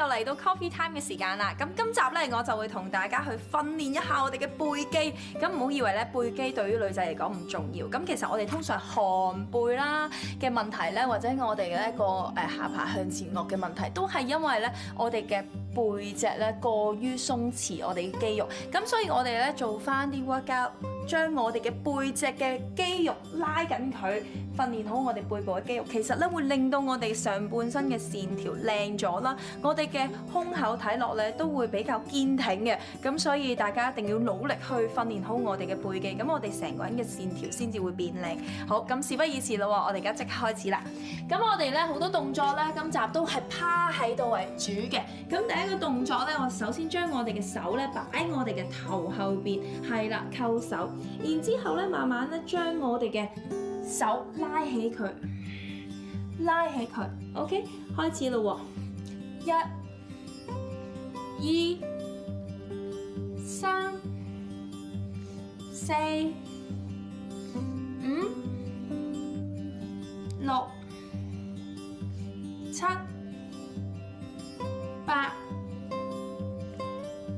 就嚟到 Coffee Time 嘅時間啦！咁今集呢，我就會同大家去訓練一下我哋嘅背肌。咁唔好以為呢背肌對於女仔嚟講唔重要。咁其實我哋通常寒背啦嘅問題呢，或者我哋嘅一個誒下巴向前落嘅問題，都係因為呢我哋嘅，背脊咧過於鬆弛，我哋嘅肌肉，咁所以我哋咧做翻啲 workout，將我哋嘅背脊嘅肌肉拉緊佢，訓練好我哋背部嘅肌肉，其實咧會令到我哋上半身嘅線條靚咗啦，我哋嘅胸口睇落咧都會比較堅挺嘅，咁所以大家一定要努力去訓練好我哋嘅背肌，咁我哋成個人嘅線條先至會變靚。好，咁事不宜遲啦喎，我哋而家即刻開始啦。咁我哋咧好多動作咧，今集都係趴喺度為主嘅，咁一、這個動作咧，我首先將我哋嘅手咧擺喺我哋嘅頭後邊，係啦，扣手，然之後咧慢慢咧將我哋嘅手拉起佢，拉起佢，OK，開始咯喎，一、二、三、四。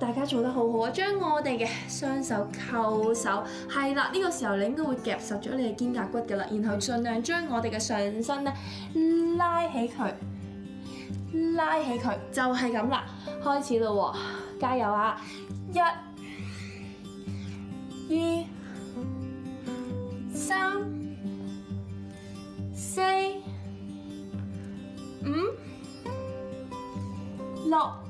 大家做得好好啊！將我哋嘅雙手扣手，係啦，呢個時候你應該會夾實咗你嘅肩胛骨嘅啦，然後盡量將我哋嘅上身咧拉起佢，拉起佢，就係咁啦，開始啦喎，加油啊！一、二、三、四、五、六。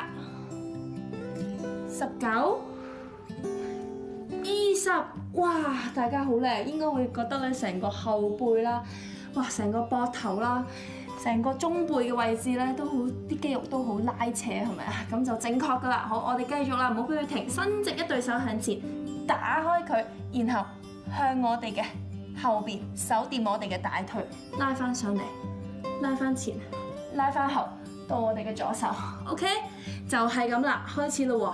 十九二十，哇！大家好靚，應該會覺得咧成個後背啦，哇！成個膊頭啦，成個中背嘅位置咧都好，啲肌肉都好拉扯，係咪啊？咁就正確噶啦。好，我哋繼續啦，唔好俾佢停，伸直一對手向前，打開佢，然後向我哋嘅後邊，手掂我哋嘅大腿，拉翻上嚟，拉翻前，拉翻後，到我哋嘅左手。OK，就係咁啦，開始喇喎！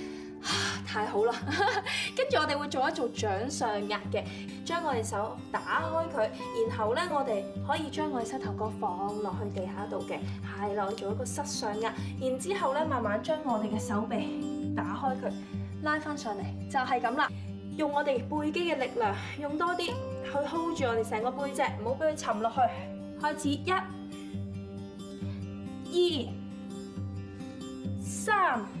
太好啦，跟住我哋會做一做掌上壓嘅，將我哋手打開佢，然後咧我哋可以將我哋膝頭哥放落去地下度嘅，係啦，做一個膝上壓，然之後咧慢慢將我哋嘅手臂打開佢，拉翻上嚟，就係咁啦。用我哋背肌嘅力量，用多啲去 hold 住我哋成個背脊，唔好俾佢沉落去。開始，一、二、三。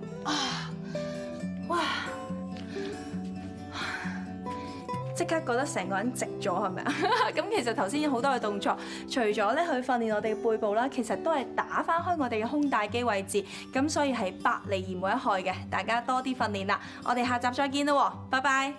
即係覺得成個人直咗係咪啊？咁其實頭先好多嘅動作，除咗咧去訓練我哋嘅背部啦，其實都係打翻開我哋嘅胸大肌位置，咁所以係百利而無一害嘅。大家多啲訓練啦，我哋下集再見啦，拜拜。